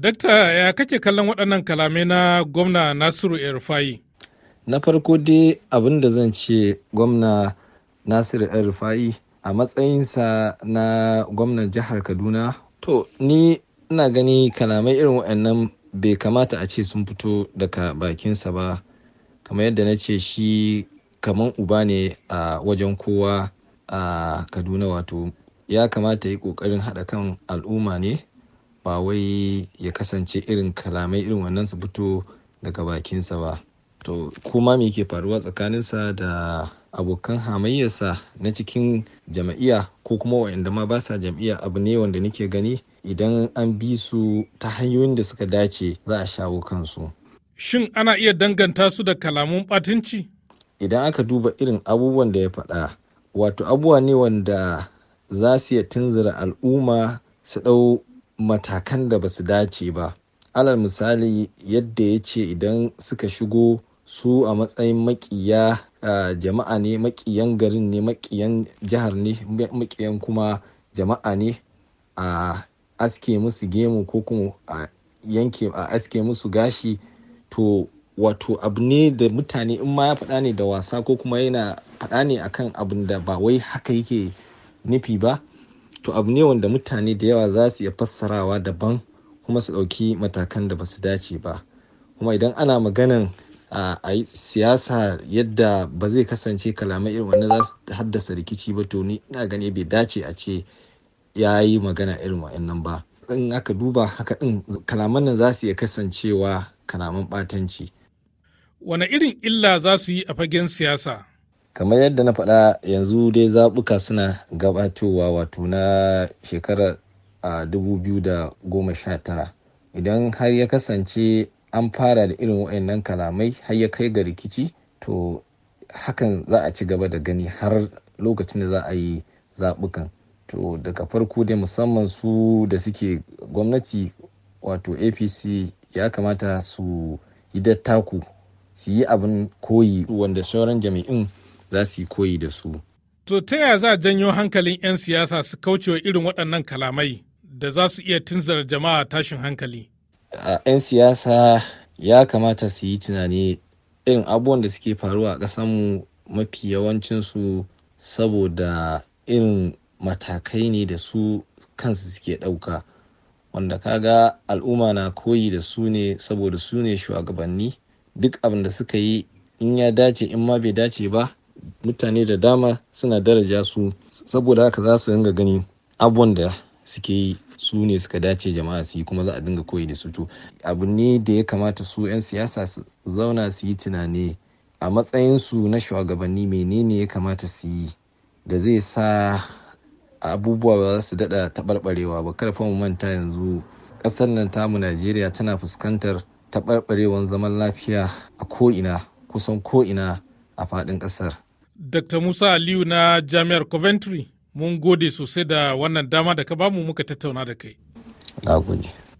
Dakta ya kake kallon waɗannan kalamai na gwamna Nasiru Erfayi? Na farko dai abin da zan ce gwamna Nasiru Erfayi a matsayinsa na gwamnan jihar Kaduna. To, ni ina gani kalamai irin waɗannan bai kamata a ce sun fito daga bakinsa ba, kamar yadda na ce shi kamar uba ne a wajen kowa a Kaduna wato ya kamata ya ƙoƙarin haɗa kan al'umma ne. ba wai ya kasance irin kalamai irin wannan su fito daga bakinsa ba to kuma me ke faruwa tsakaninsa da abokan hamayyarsa na cikin jam'iyya ko kuma wa'anda ma ba sa jam'iyya abu ne wanda nake gani idan an bi su ta hanyoyin da suka dace za a shawo kansu shin ana iya danganta su da kalamun batunci idan aka duba irin abubuwan da ya faɗa wato abubuwa ne wanda za su iya tunzura al'umma su ɗau matakan da ba su dace ba alal misali yadda ya ce idan suka shigo su a matsayin makiya jama'a ne makiyan garin ne makiyan jihar ne makiyan kuma jama'a ne a aske musu gemu ko kuma a yanke a aske musu gashi to wato abu ne da mutane in ma ya faɗa ne da wasa ko kuma yana faɗa ne akan abin da ba wai haka yake nufi ba to abu ne wanda mutane da yawa za su iya fassarawa daban kuma su ɗauki matakan da ba su dace ba kuma idan ana maganan a yi siyasa yadda ba zai kasance kalamai irin wannan za su haddasa rikici ba to ni ina gani bai dace a ce ya yi magana irin wa'annan ba in aka duba haka din kalaman nan za su iya kasancewa kalaman batanci. wane irin illa za su yi a fagen siyasa kamar yadda na faɗa yanzu dai zaɓuka suna gabatowa wato na shekarar a 2019 idan har ya kasance an fara da irin wa'annan kalamai har ya kai ga rikici to hakan za a ci gaba da gani har lokacin da za a yi zaɓukan to daga farko dai musamman su da suke gwamnati wato apc ya kamata su yi dattaku su yi abin koyi wanda sauran jami'in za su yi koyi da su. To ta yaya za a janyo hankalin 'yan siyasa su kaucewa irin waɗannan kalamai da za su iya tunzar jama'a tashin hankali? A 'yan siyasa ya kamata su yi tunani irin abubuwan da suke faruwa a ƙasanmu mafi yawancinsu saboda irin matakai ne da su kansu suke ɗauka wanda ka ga al'umma na koyi da su ne saboda su ne shugabanni duk abin da suka yi in ya dace in ma bai dace ba mutane da dama suna daraja su saboda haka za su ringa gani abubuwan da suke yi su ne suka dace jama'a su yi kuma za a dinga koyi da su to abu ne da ya kamata su 'yan siyasa su zauna su yi tunani a matsayin su na shugabanni menene ya kamata su yi da zai sa abubuwa ba za su daɗa taɓarɓarewa ba karfa mu manta yanzu ƙasar nan tamu najeriya tana fuskantar taɓarɓarewar zaman lafiya a ko'ina kusan ko'ina a faɗin ƙasar Dr. Musa Aliyu na Jami'ar Coventry, mun gode sosai da wannan dama da ka bamu muka tattauna da kai. Na gode.